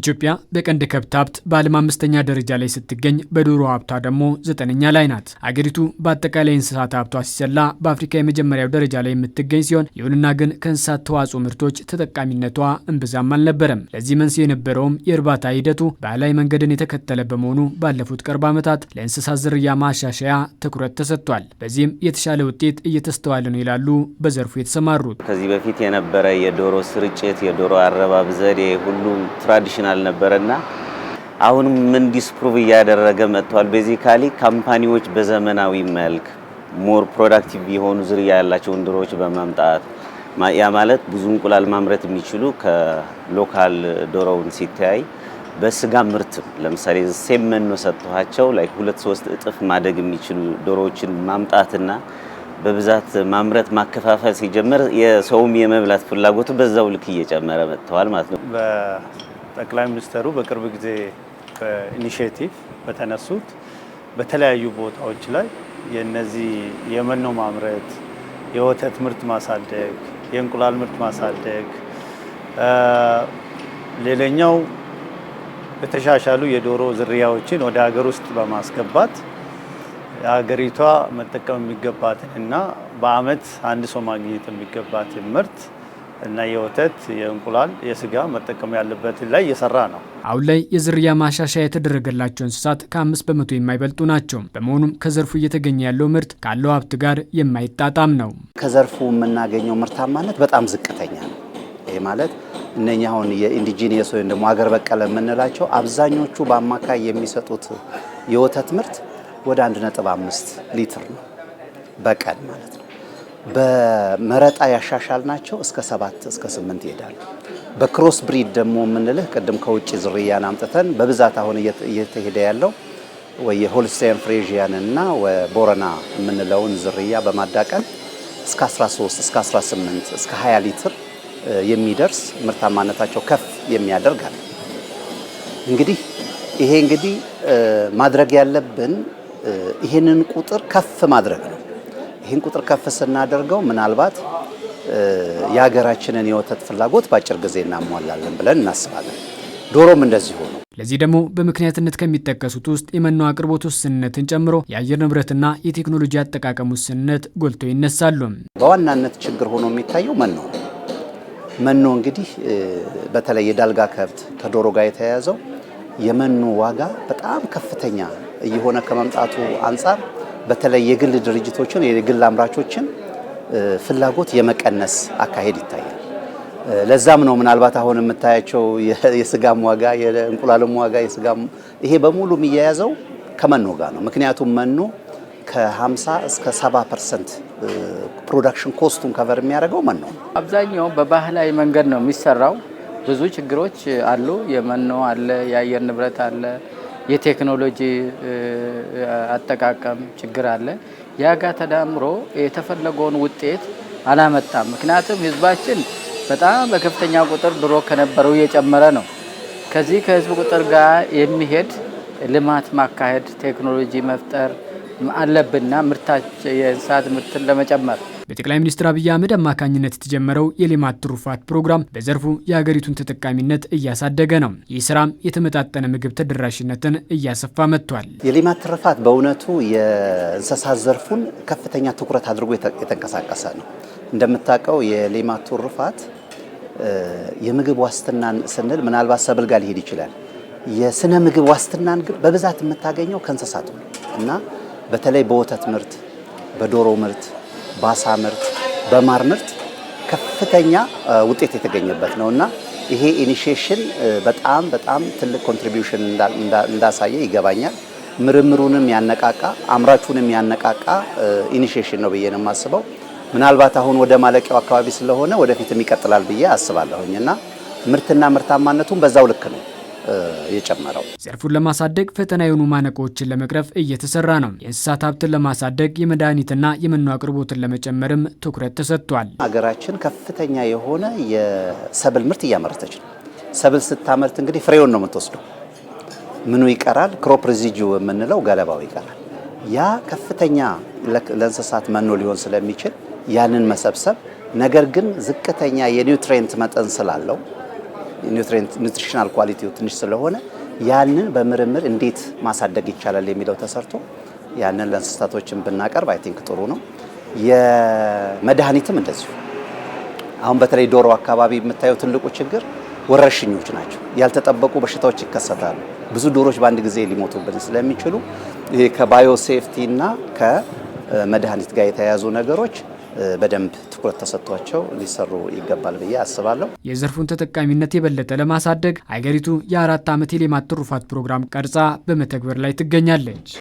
ኢትዮጵያ በቀንድ ከብት ሀብት በዓለም አምስተኛ ደረጃ ላይ ስትገኝ በዶሮ ሀብቷ ደግሞ ዘጠነኛ ላይ ናት። አገሪቱ በአጠቃላይ እንስሳት ሀብቷ ሲሰላ በአፍሪካ የመጀመሪያው ደረጃ ላይ የምትገኝ ሲሆን ይሁንና ግን ከእንስሳት ተዋጽኦ ምርቶች ተጠቃሚነቷ እምብዛም አልነበረም። ለዚህ መንስኤ የነበረውም የእርባታ ሂደቱ ባህላዊ መንገድን የተከተለ በመሆኑ ባለፉት ቅርብ ዓመታት ለእንስሳት ዝርያ ማሻሻያ ትኩረት ተሰጥቷል። በዚህም የተሻለ ውጤት እየተስተዋለ ነው ይላሉ በዘርፉ የተሰማሩት። ከዚህ በፊት የነበረ የዶሮ ስርጭት፣ የዶሮ አረባብ ዘዴ ሁሉም ትራዲሽን ፕሮፌሽናል ነበረና አሁንም ምን ዲስፕሩቭ እያደረገ መጥቷል። ቤዚካሊ ካምፓኒዎች በዘመናዊ መልክ ሞር ፕሮዳክቲቭ የሆኑ ዝርያ ያላቸውን ዶሮዎች በማምጣት ያ ማለት ብዙ እንቁላል ማምረት የሚችሉ ከሎካል ዶሮውን ሲተያይ በስጋ ምርት ለምሳሌ ሴም መኖ ሰጥቷቸው ላይ ሁለት ሶስት እጥፍ ማደግ የሚችሉ ዶሮዎችን ማምጣትና በብዛት ማምረት ማከፋፈል ሲጀመር የሰውም የመብላት ፍላጎቱ በዛው ልክ እየጨመረ መጥተዋል ማለት ነው። ጠቅላይ ሚኒስትሩ በቅርብ ጊዜ በኢኒሽቲቭ በተነሱት በተለያዩ ቦታዎች ላይ የነዚህ የመኖ ማምረት፣ የወተት ምርት ማሳደግ፣ የእንቁላል ምርት ማሳደግ፣ ሌላኛው የተሻሻሉ የዶሮ ዝርያዎችን ወደ ሀገር ውስጥ በማስገባት ሀገሪቷ መጠቀም የሚገባትን እና በዓመት አንድ ሰው ማግኘት የሚገባትን ምርት እና የወተት የእንቁላል የስጋ መጠቀም ያለበት ላይ እየሰራ ነው። አሁን ላይ የዝርያ ማሻሻያ የተደረገላቸው እንስሳት ከአምስት በመቶ የማይበልጡ ናቸው። በመሆኑም ከዘርፉ እየተገኘ ያለው ምርት ካለው ሀብት ጋር የማይጣጣም ነው። ከዘርፉ የምናገኘው ምርታማነት በጣም ዝቅተኛ ነው። ይህ ማለት እነኛ አሁን የኢንዲጂኒየስ ወይም ደግሞ ሀገር በቀለ የምንላቸው አብዛኞቹ በአማካይ የሚሰጡት የወተት ምርት ወደ 1.5 ሊትር ነው በቀን ማለት ነው። በመረጣ ያሻሻል ናቸው እስከ ሰባት እስከ ስምንት ይሄዳሉ። በክሮስ ብሪድ ደግሞ የምንልህ ቅድም ከውጭ ዝርያን አምጥተን በብዛት አሁን እየተሄደ ያለው የሆልስቴን ፍሬዥያን እና ቦረና የምንለውን ዝርያ በማዳቀል እስከ 13 እስከ 18 እስከ 20 ሊትር የሚደርስ ምርታማነታቸው ከፍ የሚያደርግ አለ። እንግዲህ ይሄ እንግዲህ ማድረግ ያለብን ይህንን ቁጥር ከፍ ማድረግ ነው። ይህን ቁጥር ከፍ ስናደርገው ምናልባት የሀገራችንን የወተት ፍላጎት በአጭር ጊዜ እናሟላለን ብለን እናስባለን። ዶሮም እንደዚሁ ነው። ለዚህ ደግሞ በምክንያትነት ከሚጠቀሱት ውስጥ የመኖ አቅርቦት ውስንነትን ጨምሮ የአየር ንብረትና የቴክኖሎጂ አጠቃቀም ውስንነት ጎልቶ ይነሳሉ። በዋናነት ችግር ሆኖ የሚታየው መኖ ነው። መኖ እንግዲህ በተለይ የዳልጋ ከብት ከዶሮ ጋር የተያያዘው የመኖ ዋጋ በጣም ከፍተኛ እየሆነ ከመምጣቱ አንጻር በተለይ የግል ድርጅቶችን የግል አምራቾችን ፍላጎት የመቀነስ አካሄድ ይታያል። ለዛም ነው ምናልባት አሁን የምታያቸው የስጋም ዋጋ የእንቁላልም ዋጋ የስጋም ይሄ በሙሉ የሚያያዘው ከመኖ ጋር ነው። ምክንያቱም መኖ ከ50 እስከ 70 ፐርሰንት ፕሮዳክሽን ኮስቱን ከቨር የሚያደርገው መኖ ነው። አብዛኛው በባህላዊ መንገድ ነው የሚሰራው። ብዙ ችግሮች አሉ። የመኖ አለ፣ የአየር ንብረት አለ የቴክኖሎጂ አጠቃቀም ችግር አለ። ያ ጋ ተዳምሮ የተፈለገውን ውጤት አላመጣም። ምክንያቱም ህዝባችን በጣም በከፍተኛ ቁጥር ድሮ ከነበረው እየጨመረ ነው። ከዚህ ከህዝብ ቁጥር ጋር የሚሄድ ልማት ማካሄድ ቴክኖሎጂ መፍጠር አለብና ምርታች የእንስሳት ምርትን ለመጨመር በጠቅላይ ሚኒስትር አብይ አህመድ አማካኝነት የተጀመረው የሌማት ትሩፋት ፕሮግራም በዘርፉ የሀገሪቱን ተጠቃሚነት እያሳደገ ነው። ይህ ስራም የተመጣጠነ ምግብ ተደራሽነትን እያሰፋ መጥቷል። የሌማት ትሩፋት በእውነቱ የእንስሳት ዘርፉን ከፍተኛ ትኩረት አድርጎ የተንቀሳቀሰ ነው። እንደምታውቀው የሌማት ትሩፋት የምግብ ዋስትናን ስንል ምናልባት ሰብል ጋር ሊሄድ ይችላል። የስነ ምግብ ዋስትናን ግን በብዛት የምታገኘው ከእንስሳት እና በተለይ በወተት ምርት፣ በዶሮ ምርት፣ በአሳ ምርት፣ በማር ምርት ከፍተኛ ውጤት የተገኘበት ነው እና ይሄ ኢኒሽሽን በጣም በጣም ትልቅ ኮንትሪቢሽን እንዳሳየ ይገባኛል። ምርምሩንም ያነቃቃ አምራቹንም ያነቃቃ ኢኒሽሽን ነው ብዬ ነው የማስበው። ምናልባት አሁን ወደ ማለቂያው አካባቢ ስለሆነ ወደፊትም ይቀጥላል ብዬ አስባለሁኝ እና ምርትና ምርታማነቱን በዛው ልክ ነው። የጨመረው። ዘርፉን ለማሳደግ ፈተና የሆኑ ማነቆዎችን ለመቅረፍ እየተሰራ ነው። የእንስሳት ሀብትን ለማሳደግ የመድኃኒትና የመኖ አቅርቦትን ለመጨመርም ትኩረት ተሰጥቷል። ሀገራችን ከፍተኛ የሆነ የሰብል ምርት እያመረተች ነው። ሰብል ስታመርት እንግዲህ ፍሬውን ነው የምትወስደው። ምኑ ይቀራል? ክሮፕ ሪዚጁ የምንለው ገለባው ይቀራል። ያ ከፍተኛ ለእንስሳት መኖ ሊሆን ስለሚችል ያንን መሰብሰብ ነገር ግን ዝቅተኛ የኒውትሬንት መጠን ስላለው ኒውትሪሽናል ኳሊቲው ትንሽ ስለሆነ ያንን በምርምር እንዴት ማሳደግ ይቻላል የሚለው ተሰርቶ ያንን ለእንስሳቶችን ብናቀርብ አይ ቲንክ ጥሩ ነው። የመድኃኒትም እንደዚሁ አሁን በተለይ ዶሮ አካባቢ የምታየው ትልቁ ችግር ወረርሽኞች ናቸው። ያልተጠበቁ በሽታዎች ይከሰታሉ። ብዙ ዶሮች በአንድ ጊዜ ሊሞቱብን ስለሚችሉ ከባዮ ሴፍቲ እና ከመድኃኒት ጋር የተያያዙ ነገሮች በደንብ ትኩረት ተሰጥቷቸው ሊሰሩ ይገባል ብዬ አስባለሁ። የዘርፉን ተጠቃሚነት የበለጠ ለማሳደግ አገሪቱ የአራት ዓመት የሌማት ትሩፋት ፕሮግራም ቀርጻ በመተግበር ላይ ትገኛለች።